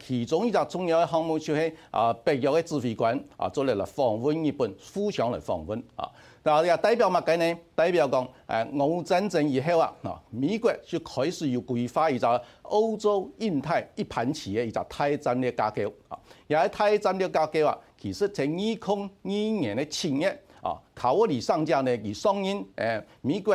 其中一個重要嘅項目就是啊北約的指揮官啊，做了了訪問日本，互相來訪問。啊。也代表嘛概念代表講誒俄烏戰爭以後啊，美國就開始有規劃一個歐洲印太一盤棋嘅一個太戰略架構啊。而太戰略架構啊，其實在二空一年的七月啊，卡沃里上將咧，其雙誒美國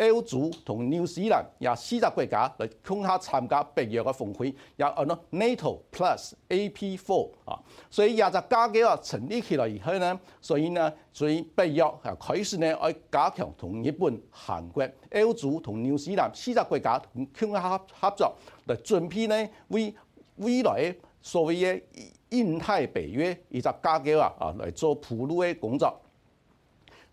澳洲同紐西蘭也四個國家來共同參加北約嘅峰會。然後呢 NATO Plus AP Four 啊，所以廿隻架構啊成立起來以後呢，所以呢，所以北約啊開始呢要加強同日本、韓國、澳洲同紐西蘭四個國家同共同合合作來準備呢為未來所謂嘅印太北約二十架構啊啊嚟做鋪路嘅工作。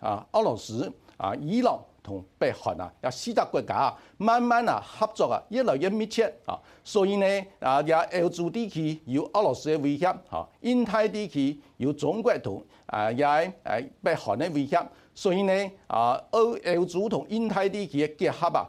啊，俄羅斯啊、伊朗同北韓啊，也四大國家啊，慢慢啊合作啊，越來越密切啊。所以呢，啊也要歐洲地區有俄羅斯嘅威脅，嚇，印太地區有中國同啊也誒北韓嘅威脅。所以呢，啊歐歐洲同印太地區嘅結合啊。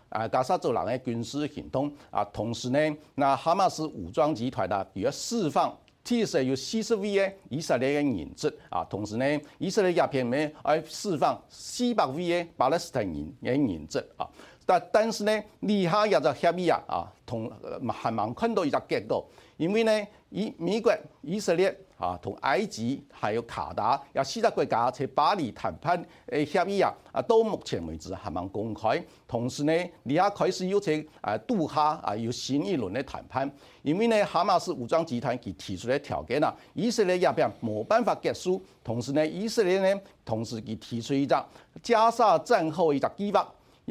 啊！Uh, 加沙走人廊嘅軍事行動啊，同時呢，那哈馬斯武裝集團啦，如果釋放至少有四十位嘅以色列嘅人質啊，同時呢，以色列也偏咩，而釋放四百位嘅巴勒斯坦人嘅人質啊，但但是呢，利哈亞的協議啊同，啊，同還蠻坤到一個結構。因為呢，以美國、以色列啊同埃及，還有卡達，有、啊、四個國家在巴黎談判的，誒協議啊，啊到目前為止還沒公開。同時呢，而家開始又在誒杜哈啊，有新一輪的談判。因為呢，哈馬斯武裝集團佢提出的條件啊，以色列入邊沒辦法結束。同時呢，以色列呢，同時佢提出一個加沙戰後一個計劃。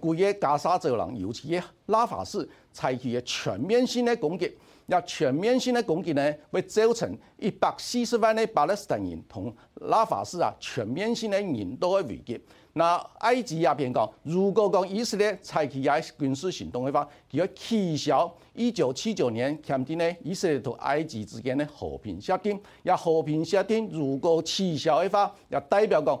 規個加沙走廊，尤其耶拉法斯採取耶全面性的攻擊，那全面性的攻擊呢，會造成一百四十萬的巴勒斯坦人同拉法斯啊全面性的人道嘅危機。那埃及也便講，如果講以色列採取耶軍事行動嘅話，就要取消一九七九年簽訂嘅以色列同埃及之間嘅和平協定，那和平協定如果取消嘅話，那代表講。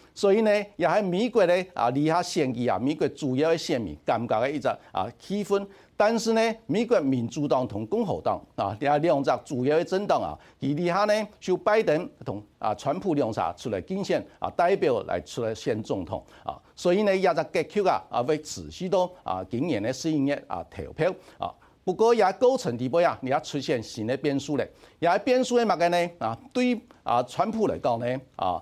所以呢，也喺美國呢，啊，利下選舉啊，美國主要的選民感覺嘅一個啊氣氛。但是呢，美國民主黨同共和黨啊，兩隻主要的政黨啊，伊底下呢，就拜登同啊川普兩隻出來競選啊，代表來出來選總統啊。所以呢也在結局啊，啊會持續到啊今年應的四月啊投票啊。不過也高層地步啊，你要出現新的變數了也變變數嘛物嘅啊。對啊川普嚟講呢，啊。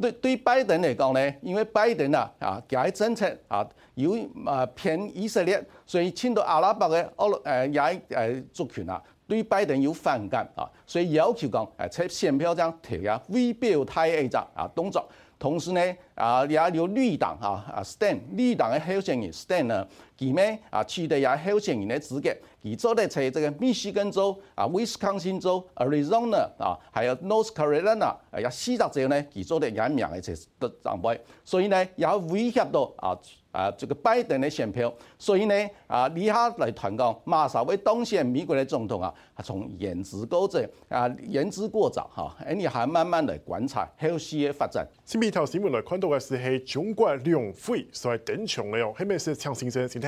對對拜登來講呢，因為拜登啊，啊，佢政策啊，有啊、呃、偏以色列，所以侵到阿拉伯嘅俄呃也呃族群啊，對拜登有反感啊，所以要求講誒在選票上調下微標誒勢啊動作，同時呢啊，也有綠黨啊啊 stand，綠黨嘅候選人 stand 呢。佢咩啊取得阿候選人的資格？佢做咧喺這個密西根州、啊威斯康辛州、Arizona 啊，還有 North Carolina 啊四個州呢，佢做咧幾名嘅前得常委，所以呢，也威脅到啊啊這個拜登嘅選票，所以呢，啊，黎下來談講馬上為當選美國嘅總統啊，從言之過早啊，言之過早哈，你係慢慢嚟觀察後續嘅發展。先俾條新聞來看到嘅是係中國兩會在登場了，係咩先生先睇。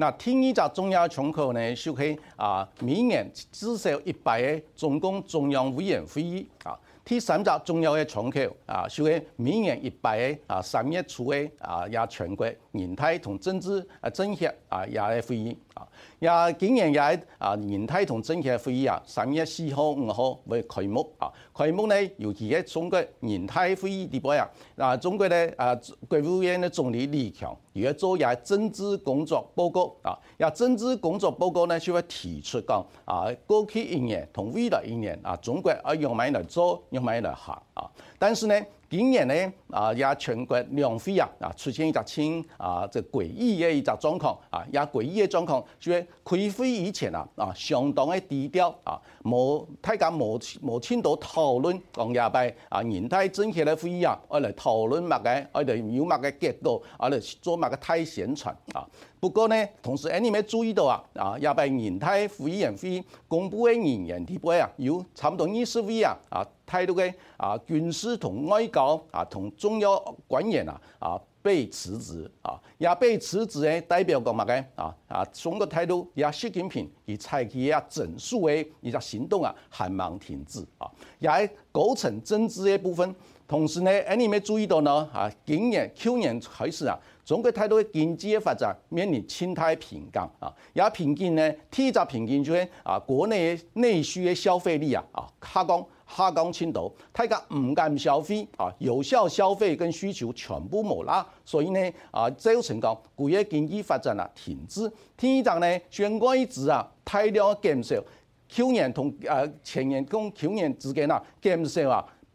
那第一集中央嘅窗口呢，就係啊每年至少一屆嘅中共中央委員會議啊。第三集中央嘅窗口啊，就係每年一屆嘅啊三月初嘅啊亞全國人大同政治啊政協啊，協亞會議啊。亞今年嘅啊人大同政協會議啊，三月四號、五號會開幕啊。開幕呢，由而家中國人大會議議代表，啊，中國呢啊國務院的總理李強而家做一政治工作報告。啊！也政治工作報告呢，就會提出講啊，過去一年同未來一年啊，中國要用咩嚟做，用咩嚟行啊？但是呢，今年呢啊，也全國兩會啊，啊，這個、啊，啊出現一隻稱啊，即詭異的一隻狀況，啊！也詭異的狀況，就係開會以前啊，啊相當的低調，啊，冇太敢冇冇聽到討論講下邊啊，人大政協的會議啊，我嚟討論乜嘅，我哋有乜嘅結果，我哋做乜嘅太宣傳啊。不過呢，同時 anybody 注意到啊，啊也被銀現體會議上公布嘅人員地位啊，有差不多二十位啊，啊，態度嘅啊軍事同外交啊同重要官員啊，啊被辭職啊，也被辭職嘅代表講乜嘅啊啊，總嘅態度也習近平以採取啊整肅嘅一個行動啊，還忙停滯啊，也係構成政治嘅部分。同時呢，誒、哎、你咪注意到呢？啊，今年、去年開始啊，中國太多經濟的發展面臨清太平倦啊，也、啊、平倦呢，天一平倦就係啊，國內內需的消費力啊，啊下降，下降程度大家唔敢消費，啊，有效消費跟需求全部冇啦，所以呢，啊，造成功，個月經濟發展啊停止。天一呢，咧，全國一直啊，大量減少。去年同啊、呃，前年同去年之間啊，減少啊。